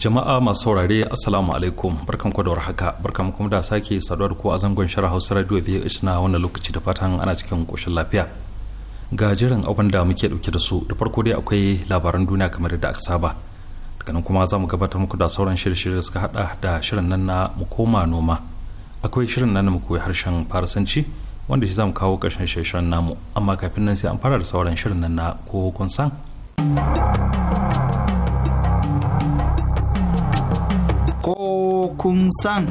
jama'a masu saurare assalamu alaikum barkan ku da warhaka barkan kuma da sake saduwa da ku a zangon shara hausa radio vh na wannan lokaci da fatan ana cikin koshin lafiya ga jiran abin da muke dauke da su da farko dai akwai labaran duniya kamar da aka saba daga nan kuma za mu gabatar muku da sauran shirye-shirye da suka hada da shirin nan na mu koma noma akwai shirin nan na mu harshen farasanci wanda shi za mu kawo ƙarshen shirin namu amma kafin nan sai an fara da sauran shirin nan na ko kun san kun san.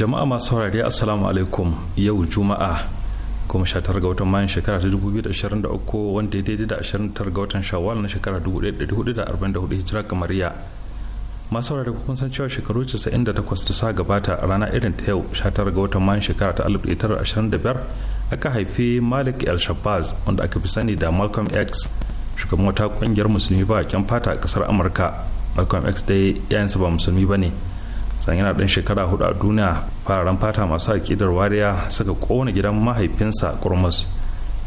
Jama'a masu haurari Assalamu alaikum yau Juma'a kuma sha tara ga watan mayan shekara ta dubu biyu da ashirin da uku wanda ya daidai da ashirin tara ga watan shawwal na shekara dubu ɗaya da dubu da arba'in da hudu hijira kamariya masu saurari kun san cewa shekaru casa'in da takwas ta sa gabata a rana irin ta yau sha tara ga watan mayan shekara ta alif ɗaya tara ashirin da biyar aka haifi malik el shabazz wanda aka fi sani da malcolm x shugaban wata kungiyar musulmi ba kyan fata a kasar amurka malcolm x dai yayinsa ba musulmi ba ne san yana dan shekara hudu a duniya fararen fata masu aƙidar wariya suka kowane gidan mahaifinsa kurmus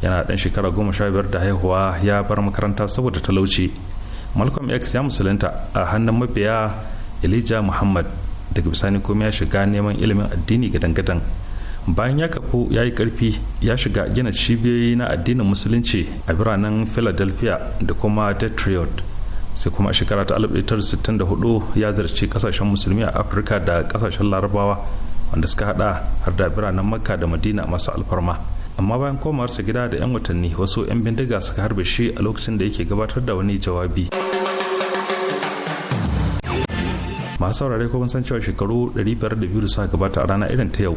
yana ɗan shekara goma sha biyar da haihuwa ya bar makaranta saboda talauci malcolm x ya musulunta a hannun mabiya elijah muhammad daga bisani kuma ya shiga neman ilimin addini gadan-gadan bayan ya kafu ya yi karfi ya shiga gina cibiyoyi na addinin musulunci a biranen philadelphia da kuma detroit sai kuma a shekara ta 1964 ya zarci kasashen musulmi a afirka da kasashen larabawa wanda suka hada har da biranen makka da madina masu alfarma amma bayan komawarsa gida da 'yan watanni wasu 'yan bindiga suka harbe shi a lokacin da yake gabatar da wani jawabi masu saurare ko san cewa shekaru 500 da suka gabata a rana irin ta yau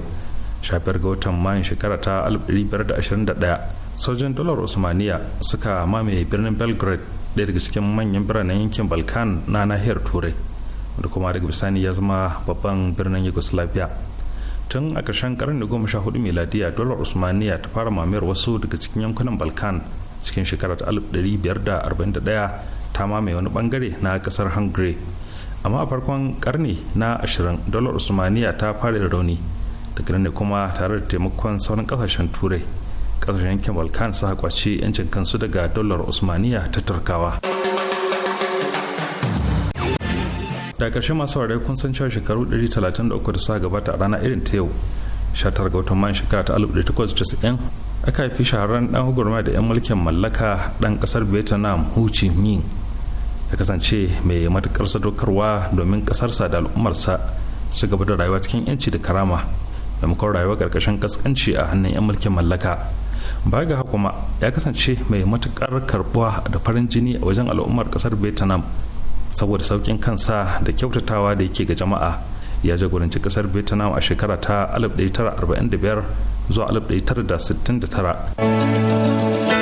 shafiyar ga watan mayun shekara ta 1521 sojin dolar usmaniya suka mamaye birnin belgrade ɗaya daga cikin manyan biranen yankin balkan na nahiyar turai da kuma daga bisani ya zama babban birnin yugoslavia tun a ƙarshen ƙarni goma sha hudu miladiya dolar usmaniya ta fara mamayar wasu daga cikin yankunan balkan cikin shekara ta 1541 ta mamaye wani bangare na ƙasar hungary amma a farkon ƙarni na 20 dolar usmaniya ta fara rauni daga nan ne kuma tare da taimakon sauran kasashen turai kasashen yankin balkan su haƙwace yancin kansu daga dollar usmaniya ta turkawa da ƙarshe masu warai kun san cewa shekaru 133 da suka gabata a ranar irin ta yau 19 ga watan mayan shekara ta 1890 aka haifi shahararren dan hukumar da 'yan mulkin mallaka dan kasar vietnam hu chi minh ya kasance mai matukar sadaukarwa domin kasarsa da al'ummarsa su gaba da rayuwa cikin 'yanci da karama da muka rayuwa karkashin kaskanci a hannun 'yan mulkin mallaka ba ga kuma ya kasance mai matukar karbuwa da farin jini a wajen al'ummar kasar vietnam saboda saukin kansa da kyautatawa da yake ga jama'a ya jagoranci kasar vietnam a shekara ta 1945 zuwa 1969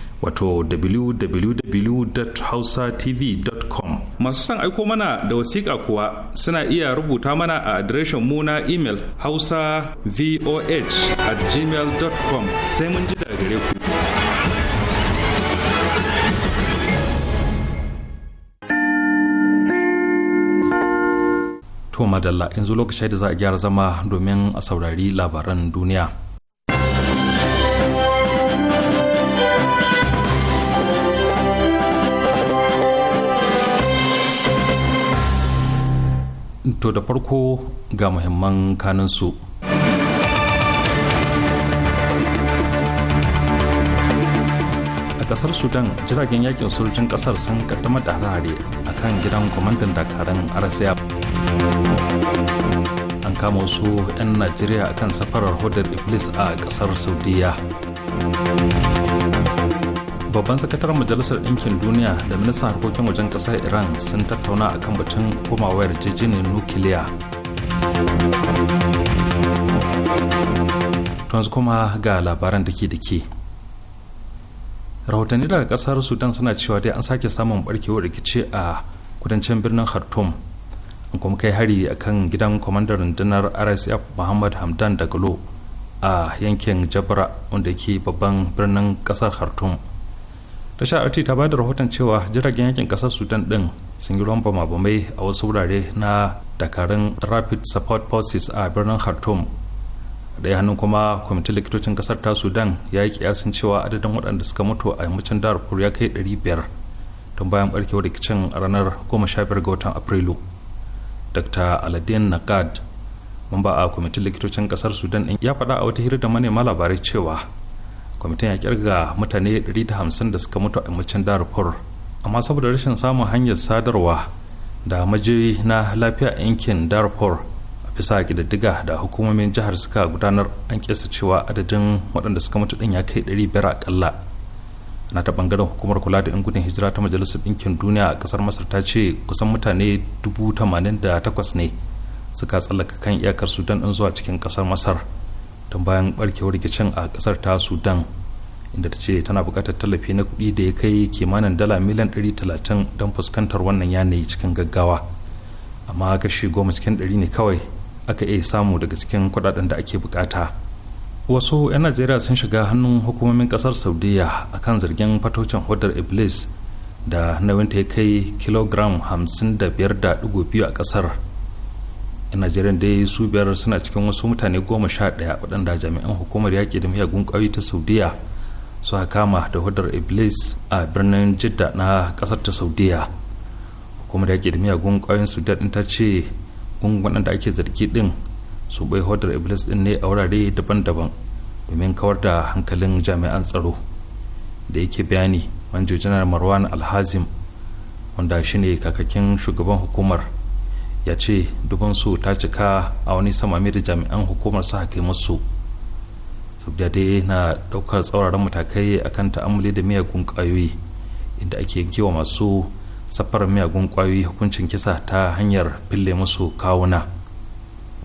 wato www.hausatv.com masu son aiko mana da wasiƙa kuwa suna iya rubuta mana a adireshin mu na imel hausa voh at gmail.com sai mun ji daga gare ku to madalla yanzu lokaci da za a gyara zama domin a saurari labaran duniya to da farko ga muhimman kanunsu a kasar sudan jiragen yakin sojojin kasar sun kaddamar da harare a kan gidan kwamandan dakarun rsf an kama wasu 'yan najeriya kan safarar hodar iblis a kasar saudiya babban sakataren majalisar ɗinkin duniya da ministan harkokin wajen ƙasar iran sun tattauna akan batun komawa yarjejeniyar nukiliya yanzu kuma ga labaran da ke da ke rahotanni daga ƙasar sudan suna cewa dai an sake samun barkewar rikici a kudancin birnin khartoum an kuma kai hari a kan gidan kwamandar rundunar rsf muhammad hamdan dagalo a yankin jabra wanda ke babban birnin ƙasar khartoum sha rt ta ba da rahoton cewa jiragen yakin kasar sudan din sun yi rumfa mabamai a wasu wurare na dakarun rapid support forces a birnin khartoum ɗaya hannun kuma kwamitin likitocin kasar ta sudan ya yi kiyasin cewa adadin waɗanda suka mutu a yammacin darfur ya kai biyar tun bayan barkewar rikicin ranar biyar ga watan afrilu dr aladin nagad mamba a kwamitin likitocin kasar sudan ya faɗa a wata hira da manema labarai cewa kwamitin ya kirga mutane 150 da suka mutu a yammacin darfur amma saboda rashin samun hanyar sadarwa da majiyoyi na lafiya a yankin darfur a bisa gidaddiga da hukumomin jihar suka gudanar an kesa cewa adadin waɗanda suka mutu ɗin ya kai 500 akalla na ta bangaren hukumar kula da yan gudun hijira ta majalisar ɗinkin duniya a ƙasar masar ta ce kusan mutane 88 ne suka tsallaka kan iyakar sudan ɗin zuwa cikin ƙasar masar don bayan barkewar rikicin a kasar ta sudan inda ta ce tana bukatar tallafi na kuɗi da ya kai kimanin dala miliyan 130 don fuskantar wannan yanayi cikin gaggawa amma kashi goma cikin ɗari ne kawai aka iya samu daga cikin kuɗaɗen da ake bukata wasu 'yan najeriya sun shiga hannun hukumomin ƙasar saudiya kan zargin fatocin hodar iblis da nauyin ta ya kai kilogram 55.2 a ƙasar 'yan najeriya dai su biyar suna cikin wasu mutane goma sha ɗaya waɗanda jami'an hukumar yaƙi da miyagun ƙwayoyi ta saudiya su kama da hudar iblis a birnin jidda na ƙasar ta saudiya hukumar yaƙi da miyagun ƙwayoyin saudiya ɗin ta ce gungun da ake zargi ɗin su bai hudar iblis ɗin ne a wurare daban-daban domin kawar da hankalin jami'an tsaro da yake bayani manjo janar marwan alhazim wanda shine kakakin shugaban hukumar ya ce dubansu ta cika a wani samami da jami'an hukumar su hake musu saboda dai na daukar tsauraran matakai akan ta'amuli da miyagun kwayoyi inda ake yankewa masu safar miyagun kwayoyi hukuncin kisa ta hanyar fille musu kawuna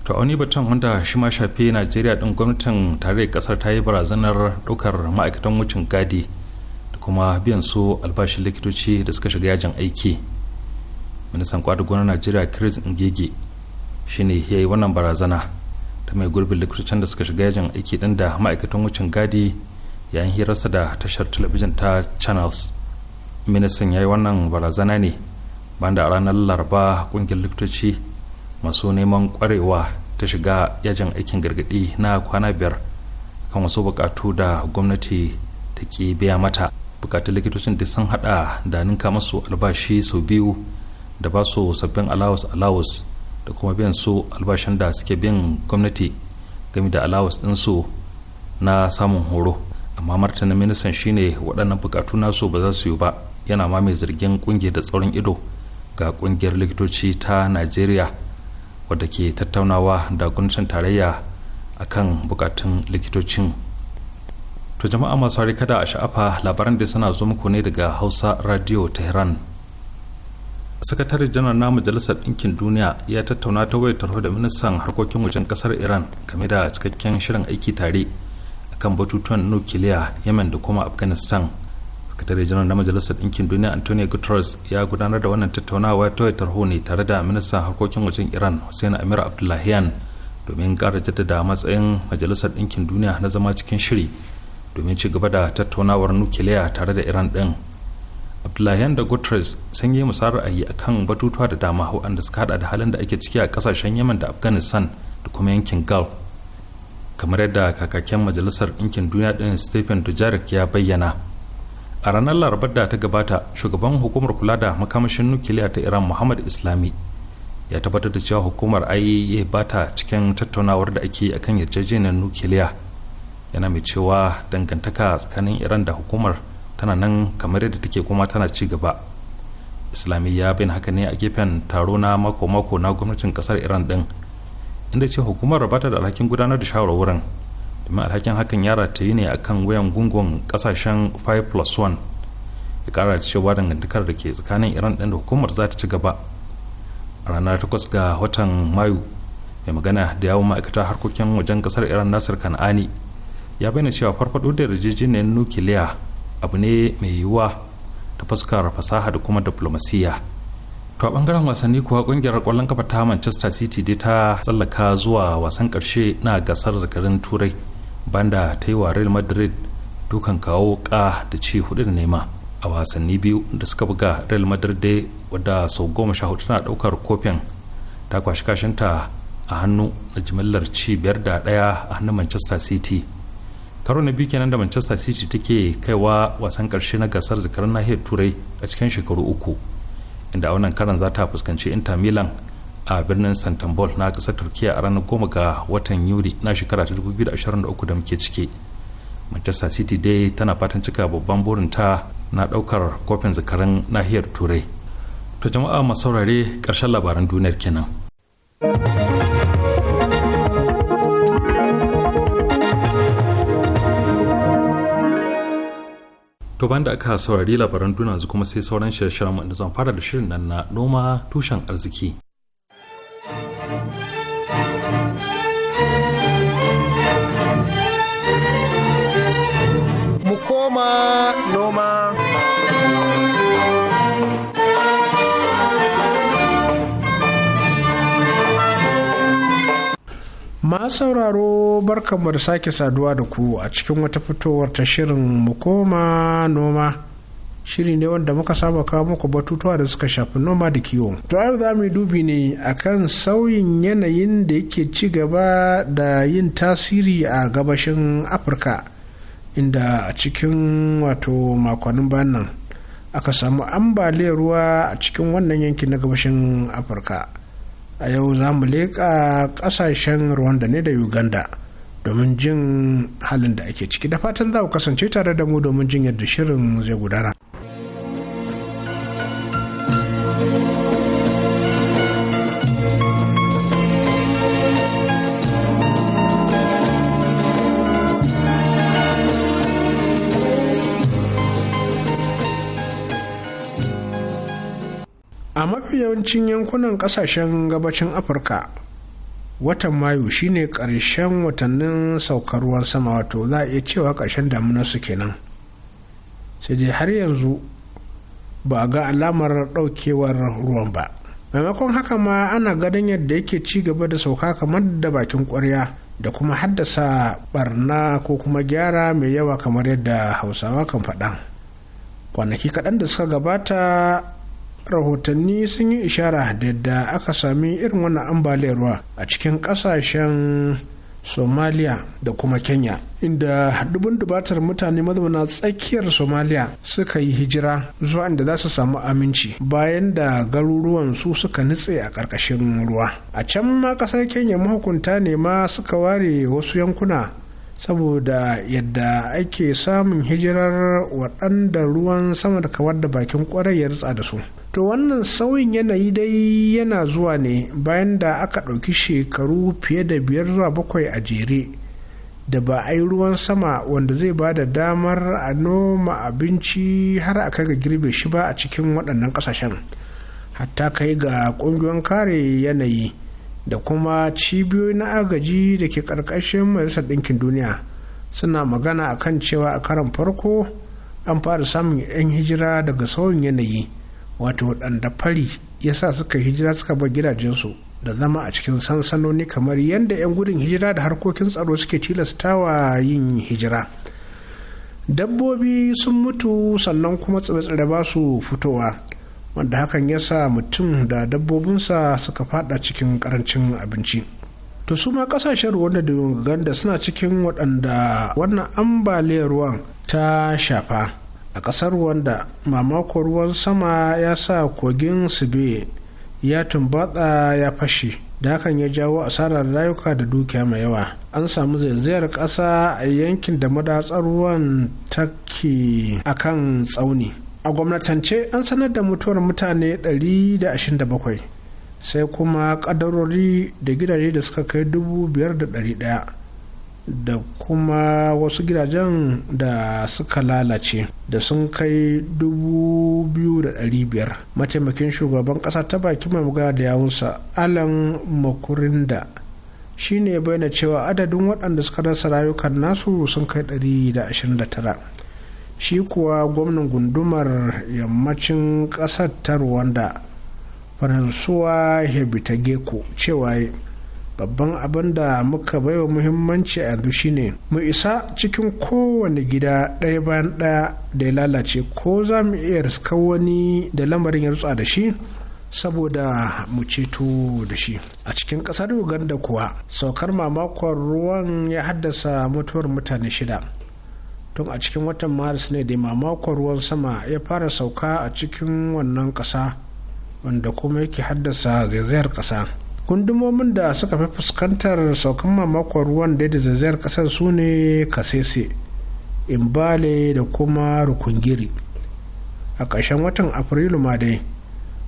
ta wani batun wanda shi ma shafi najeriya din gwamnatin tare da kasar ta yi barazanar daukar ma'aikatan wucin gadi da kuma biyan su albashin likitoci da suka shiga yajin aiki ministan kwadu na najeriya chris ngege ne ya yi wannan barazana ta mai gurbin likitocin da suka shiga yajin aiki din da ma'aikatan wucin gadi yayin hirarsa da tashar talabijin ta channels ministan ya yi wannan barazana ne banda a ranar laraba kungiyar likitoci masu neman kwarewa ta shiga yajin aikin gargadi na kwana biyar kan wasu bukatu da gwamnati ta ke biya mata bukatun likitocin da sun hada da ninka masu albashi sau biyu da ba su sabbin alawas alawas da kuma biyan su albashin da suke biyan gwamnati game da alawas su na samun horo amma martanin ministan shine waɗannan bukatu nasu ba za su yi ba yana ma mai zargin ƙungiyar da tsaurin ido ga ƙungiyar likitoci ta najeriya wadda ke tattaunawa da gwamnatin tarayya akan bukatun likitocin to jama'a masu kada a sha'afa labaran da suna zo muku ne daga hausa radio tehran sakatare janar na majalisar ɗinkin duniya ya tattauna ta wayar tarho da ministan harkokin wajen kasar iran game da cikakken shirin aiki tare akan batutuwan nukiliya yemen da kuma afghanistan sakatare janar na majalisar ɗinkin duniya antonio guterres ya gudanar da wannan tattaunawa ta wayar tarho ne tare da ministan harkokin wajen iran hussein amir abdullahian domin ƙara jaddada matsayin majalisar ɗinkin duniya na zama cikin shiri domin ci gaba da tattaunawar nukiliya tare da iran ɗin abdullahian da guterres sun yi musa ra'ayi akan batutuwa da dama waɗanda suka hada da halin da ake ciki a kasashen yemen da afghanistan da kuma yankin gulf kamar yadda kakakken majalisar ɗinkin duniya ɗin stephen dujarik ya bayyana a ranar larabar da ta gabata shugaban hukumar kula da makamashin nukiliya ta iran muhammad islami ya tabbatar da cewa hukumar iaea ba ta cikin tattaunawar da ake akan yarjejeniyar nukiliya yana mai cewa dangantaka tsakanin iran da hukumar tana nan kamar yadda take kuma tana ci gaba islamiyya bin haka ne a gefen taro na mako-mako na gwamnatin kasar iran din inda ce hukumar rabata da alhakin gudanar da shawarwarin domin alhakin hakan ta yi ne akan wayan gungun kasashen 5 plus 1 ya kara da cewa dangantakar da ke tsakanin iran din da hukumar za ta ci gaba a ranar 8 ga watan mayu mai magana da yawon ma'aikatar harkokin wajen kasar iran nasir kan'ani ya bayyana cewa farfado da yarjejeniyar nukiliya abu ne mai yiwuwa ta fuskar fasaha da kuma diplomasiya to a bangaren wasanni kuwa kungiyar kwallon kafa ta manchester city dai ta tsallaka zuwa wasan karshe na gasar zakarin turai banda ta yi wa real madrid dukan kawo ka da ci hudu da nema a wasanni biyu da suka buga real madrid dai wadda sau goma sha hudu tana daukar kofin ta kwashi kashinta a hannu na jimillar ci biyar da daya a hannun manchester city karo na biyu kenan da manchester city take kaiwa wasan karshe na gasar zakarar nahiyar turai a cikin shekaru uku inda a wannan karan za ta fuskanci inter milan a birnin santambol na kasar turkiya a ranar goma ga watan yuli na shekara ta 2023 da muke cike manchester city dai tana fatan cika babban burin ta na daukar kofin zakaran nahiyar turai to jama'a masaurare karshen labaran duniyar kenan. to da aka saurari labaran duniya kuma sai sauran shirye-shiryen mu inda zan fara da shirin nan na noma tushen arziki masu sauraro barkanmu da sake saduwa da ku a cikin wata fitowar ta shirin mu koma noma shiri ne wanda muka saba kawo muku batutuwa da suka shafi noma da kiwo. To yau za mu dubi ne akan sauyin yanayin da yake ci gaba da yin tasiri a gabashin Afirka inda a cikin wato makonnin bayan nan aka samu ambaliyar ruwa a cikin wannan yanki na gabashin Afirka. a yau za mu leƙa ƙasashen rwanda ne da uganda domin jin halin da ake ciki da fatan za ku kasance tare da mu domin jin yadda shirin zai gudana. mafi yawancin yankunan kasashen gabacin afirka watan mayu shine ƙarshen watannin saukar ruwan sama wato za a iya cewa ƙarshen su kenan sai dai har yanzu ba a ga alamar ɗaukewar ruwan ba maimakon haka ma ana gadon yadda yake ci gaba da sauka kamar da bakin ƙwarya da kuma haddasa barna ko kuma gyara mai yawa kamar yadda hausawa kan faɗa kwanaki kaɗan da suka gabata rahotanni sun yi ishara da yadda aka sami irin wannan ambaliyar ruwa a cikin kasashen somalia da kuma kenya inda dubun dubatar mutane mazauna tsakiyar somalia suka yi hijira zuwa inda za su samu aminci bayan da garuruwan su suka nutse a ƙarƙashin ruwa a can ma ƙasar kenya mahukunta ne ma suka ware wasu yankuna saboda yadda ake samun hijirar waɗanda ruwan sama da kawar da bakin kwarai ya ritsa da su to wannan sauyin yanayi dai yana zuwa ne bayan da aka ɗauki shekaru fiye da biyar zuwa bakwai a jere da ba a yi ruwan sama wanda zai ba da damar a noma abinci har a kai ga girbe shi ba a cikin waɗannan ƙasashen hatta kai ga ƙungiyoyin kare yanayi da kuma cibiyoyi na agaji da ke ƙarƙashin majalisar ɗinkin duniya suna magana a kan cewa a karan farko an fara samun 'yan hijira daga sauyin yanayi wato waɗanda fari ya sa suka hijira suka bar gidajensu da zama a cikin sansanoni kamar yadda 'yan gudun hijira da harkokin tsaro suke tilastawa yin hijira dabbobi sun mutu sannan kuma tsire-tsire ba su fitowa wanda hakan ya sa mutum da dabbobinsa suka fada cikin karancin abinci to su ma kasashen ruwan da uganda suna cikin waɗanda wannan ambaliyar ruwan ta shafa a ƙasar wanda mamakon ruwan sama ya sa kogin sibe ya tumbatsa ya fashe da hakan ya jawo asarar rayuka da dukiya mai yawa an samu zaizayar ƙasa a yankin da madatsar ruwan take akan tsauni a gwamnatance an sanar da mutuwar mutane 127 sai kuma kadarori da gidaje da suka kai 5,100 da kuma wasu gidajen da suka lalace da sun kai 2,500 mataimakin shugaban kasa ta baki mai magana da yawunsa alan makurinda shi ne bayyana cewa adadin waɗanda suka rasa rayukan nasu sun kai 129 shi kuwa gwamnan gundumar yammacin ƙasar ta rwanda faransuwa hebitageko cewa babban abin da muka baiwa muhimmanci a yanzu shine mu isa cikin kowane gida ɗaya bayan ɗaya da ya lalace ko za mu iya riska wani da lamarin ya rutsa da shi saboda mu ceto da shi a cikin ƙasar uganda kuwa saukar mamakon ruwan ya haddasa mutuwar mutane shida tun a cikin watan maris ne da mamakon ruwan sama ya fara sauka a cikin wannan ƙasa wanda kuma yake haddasa zaizayar ƙasa gundumomin da suka fi fuskantar saukan mamakon ruwan da da zaizayar ƙasar su ne kasese imbale da kuma rukungiri a ƙarshen watan afrilu ma dai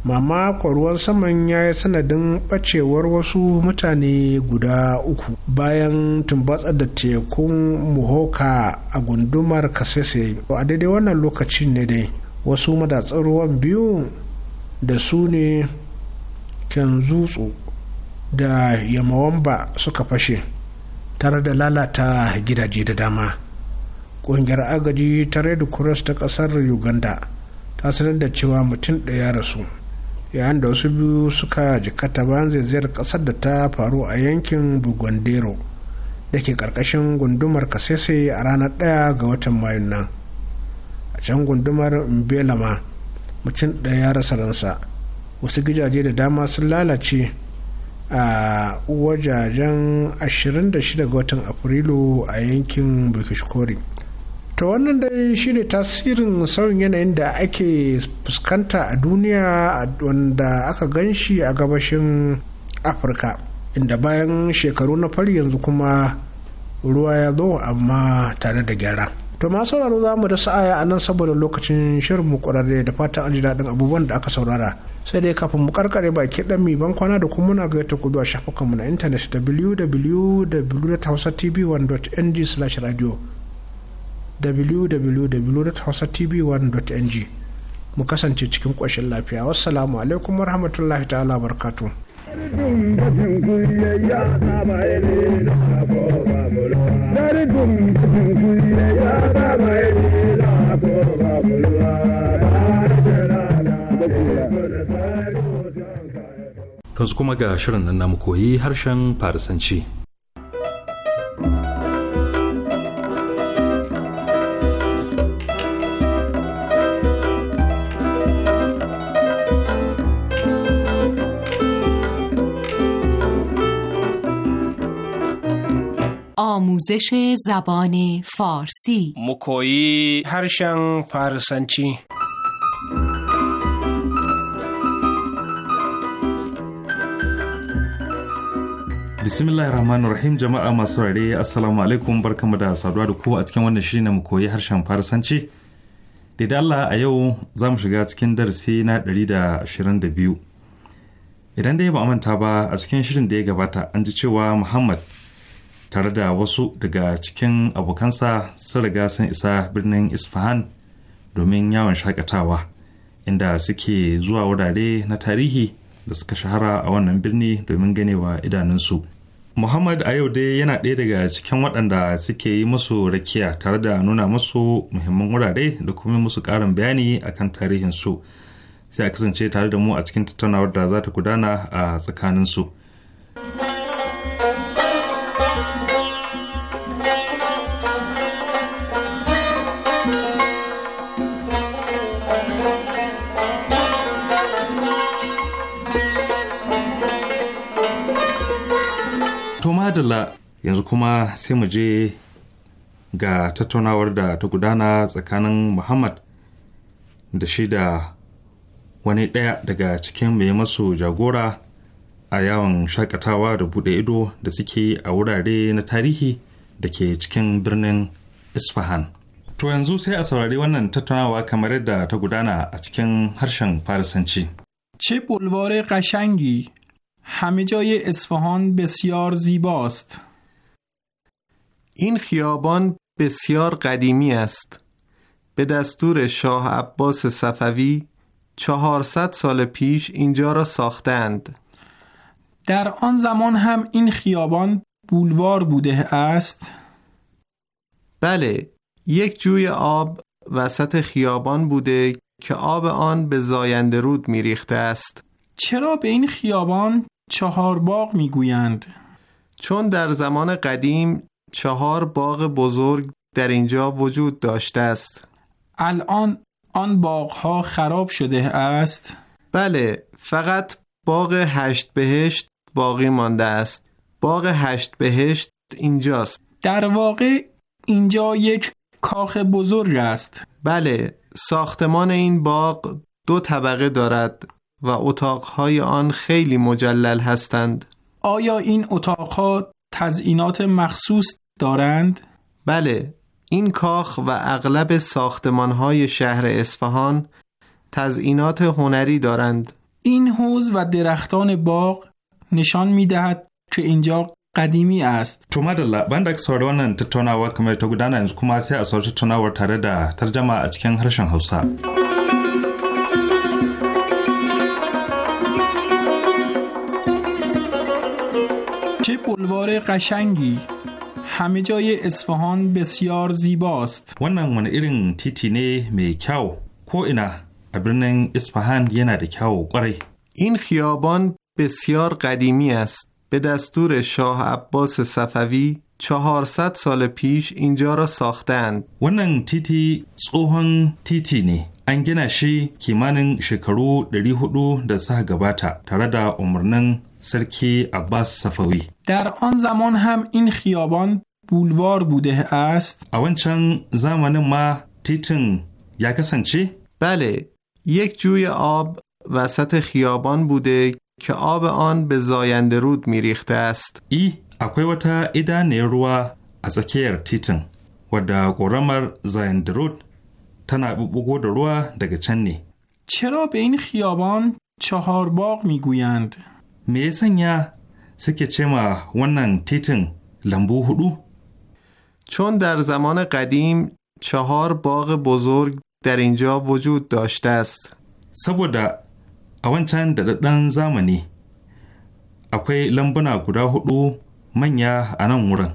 mama ruwan saman ya yi sanadin ɓacewar wasu mutane guda uku bayan tumbatsar da tekun muhoka a gundumar kasese a daidai wannan lokacin ne dai wasu madatsar ruwan biyu da su ne kyanzutsu da yamawamba suka fashe tare da lalata gidaje da dama ƙungiyar agaji ta red cross ta ƙasar uganda ta sanar da cewa mutum ɗaya rasu yayin da wasu biyu suka jikata bayan zaizayar kasar da ta faru a yankin bugwandero da ke karkashin gundumar kasese a ranar ɗaya ga watan mayun nan a can gundumar mbelama mutum ɗaya ya rasa ransa wasu gidaje da dama sun lalace a wajajen 26 ga watan afrilu a yankin bukishkori ta wannan dai shine tasirin sauyin yanayin da ake fuskanta a duniya wanda aka gan shi a gabashin afirka inda bayan shekaru na fari yanzu kuma ruwa ya zo amma tare da gyara to ma sauraro za mu da sa'aya a nan saboda lokacin shirin mu kwararre da fatan an ji daɗin abubuwan da aka saurara sai dai kafin mu karkare baki dan mi ban kwana da kuma muna gaita ku zuwa shafukanmu na intanet www.hausatv1.ng/radio www.hausatv1.ng mu kasance cikin ƙoshin lafiya wassalamu alaikum warahmatullahi ta'ala barkatu. yanzu kuma ga shirin nan mu koyi harshen farisanci آموزش زبان فارسی harshen هرشن فارسنچی bismillahir rahmanir rahim jama'a masu rare assalamu alaikum barkamu da saduwa da kowa a cikin wannan shirin na mu koyi harshen farisanci da Allah a yau za mu shiga cikin darasi na da biyu idan dai ba manta ba a cikin shirin da ya gabata an ji cewa muhammad tare da wasu daga cikin abokansa sun riga sun isa birnin isfahan domin yawon shakatawa inda suke zuwa wurare na tarihi da suka shahara a wannan birni domin ganewa idanunsu muhammad a yau dai yana ɗaya daga cikin waɗanda suke yi musu rakiya tare da nuna musu muhimman wurare da kuma musu ƙarin bayani akan tarihinsu sai a kasance tare da mu a cikin tattaunawar da za ta gudana a tsakaninsu. su madala yanzu kuma sai mu je ga tattaunawar da ta gudana tsakanin muhammad da shi da wani ɗaya daga cikin mai masu jagora a yawon shakatawa da buɗe ido da suke a wurare na tarihi da ke cikin birnin isfahan to yanzu sai a saurari wannan tattaunawa kamar yadda ta gudana a cikin harshen farisanci. چه Ulvore Kashangi همه جای اصفهان بسیار زیباست. این خیابان بسیار قدیمی است. به دستور شاه عباس صفوی 400 سال پیش اینجا را ساختند. در آن زمان هم این خیابان بولوار بوده است؟ بله، یک جوی آب وسط خیابان بوده که آب آن به زاینده رود می ریخته است. چرا به این خیابان چهار باغ میگویند چون در زمان قدیم چهار باغ بزرگ در اینجا وجود داشته است الان آن ها خراب شده است بله فقط باغ هشت بهشت باقی مانده است باغ هشت بهشت اینجاست در واقع اینجا یک کاخ بزرگ است بله ساختمان این باغ دو طبقه دارد و اتاقهای آن خیلی مجلل هستند. آیا این اتاقها تزئینات مخصوص دارند؟ بله، این کاخ و اغلب ساختمانهای شهر اصفهان تزئینات هنری دارند. این حوز و درختان باغ نشان می دهد که اینجا قدیمی است. تو مدل بلوار قشنگی همه جای اصفهان بسیار زیباست وان من تیتی ایرین تی تی کو اینا ابرنن اصفهان یه نده کهو قره این خیابان بسیار قدیمی است به دستور شاه عباس صفوی 400 سال پیش اینجا را ساختند وان تیتی تی تی سوهن تی تی کیمانن شکرو دلی حدو در سه گباتا ترده امرنن سرکی عباس صفوی در آن زمان هم این خیابان بولوار بوده است اون چند زمان ما تیتن یا چی؟ بله یک جوی آب وسط خیابان بوده که آب آن به زاینده رود میریخته است ای اکوی ایدا نیروا از اکیر تیتن و دا گرامر رود تنا دروا دگه چرا به این خیابان چهار باغ میگویند؟ me یا سکه چه ce ma تیتنگ titin چون در زمان قدیم چهار باغ بزرگ در اینجا وجود داشته است. سبودا اون در دن زمانی اکوی لمبنا گدا هدو من یا انام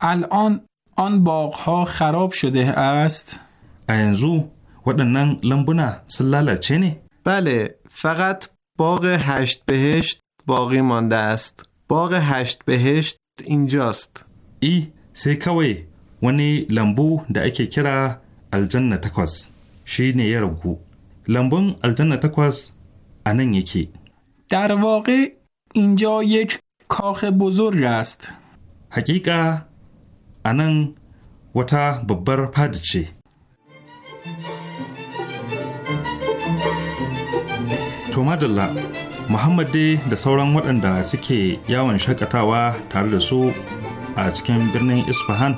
الان آن باغ ها خراب شده است؟ اینزو ودنن لمبنا سلالا چه بله فقط باغ هشت بهشت باقی مانده است باغ هشت بهشت اینجاست ای سی کوی ونی لمبو دا اکی کرا الجنة تکوز شی نیر بگو لمبو الجنة تکوز انن یکی در واقع اینجا یک کاخ بزرگ است حقیقا انن و تا ببر پاد تو مدلع muhammad dai da sauran waɗanda suke yawon shakatawa tare da su a cikin birnin isfahan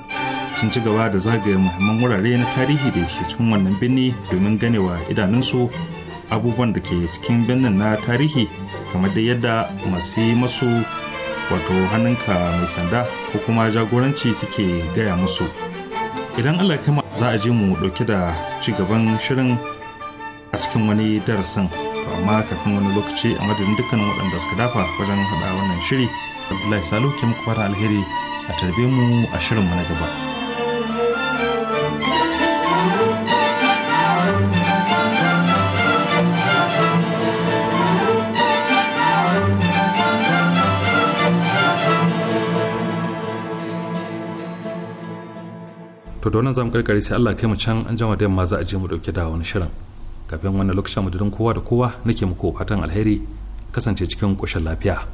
sun ci gaba da zagaye muhimman wurare na tarihi da ke cikin wannan birni domin ganewa idanunsu abubuwan da ke cikin birnin na tarihi kamar da yadda masu yi masu wato hannunka mai sanda ko kuma jagoranci suke gaya musu idan allah kama za a ji mu dauke da ci gaban shirin a cikin wani darasin. amma kafin wani lokaci a madadin dukkanin waɗanda suka dafa wajen haɗa wannan shiri abdullahi salo ke muku fara alheri a tarbe mu a shirinmu na gaba. to da zamu sai Allah kai mu can an jama da yamma za a je mu dauke da wani shirin kafin wannan lokacin madadin kowa da kowa nake muku fatan alheri kasance cikin ƙoshin lafiya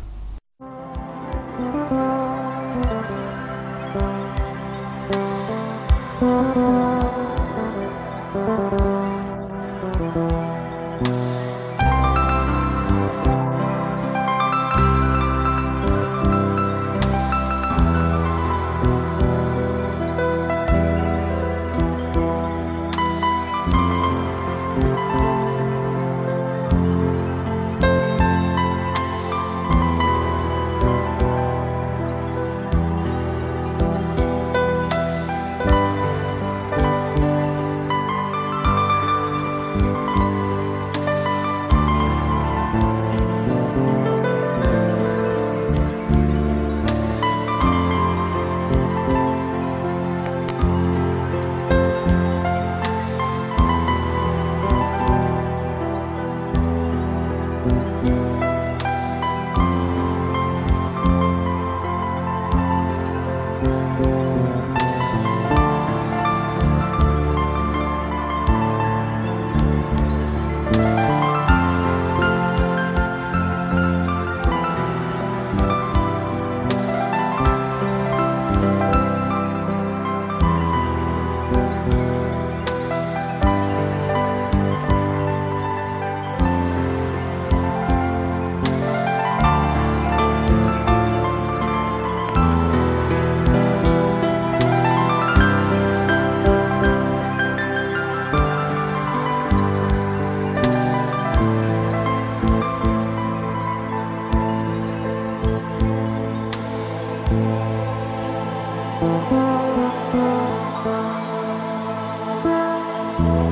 Thank you.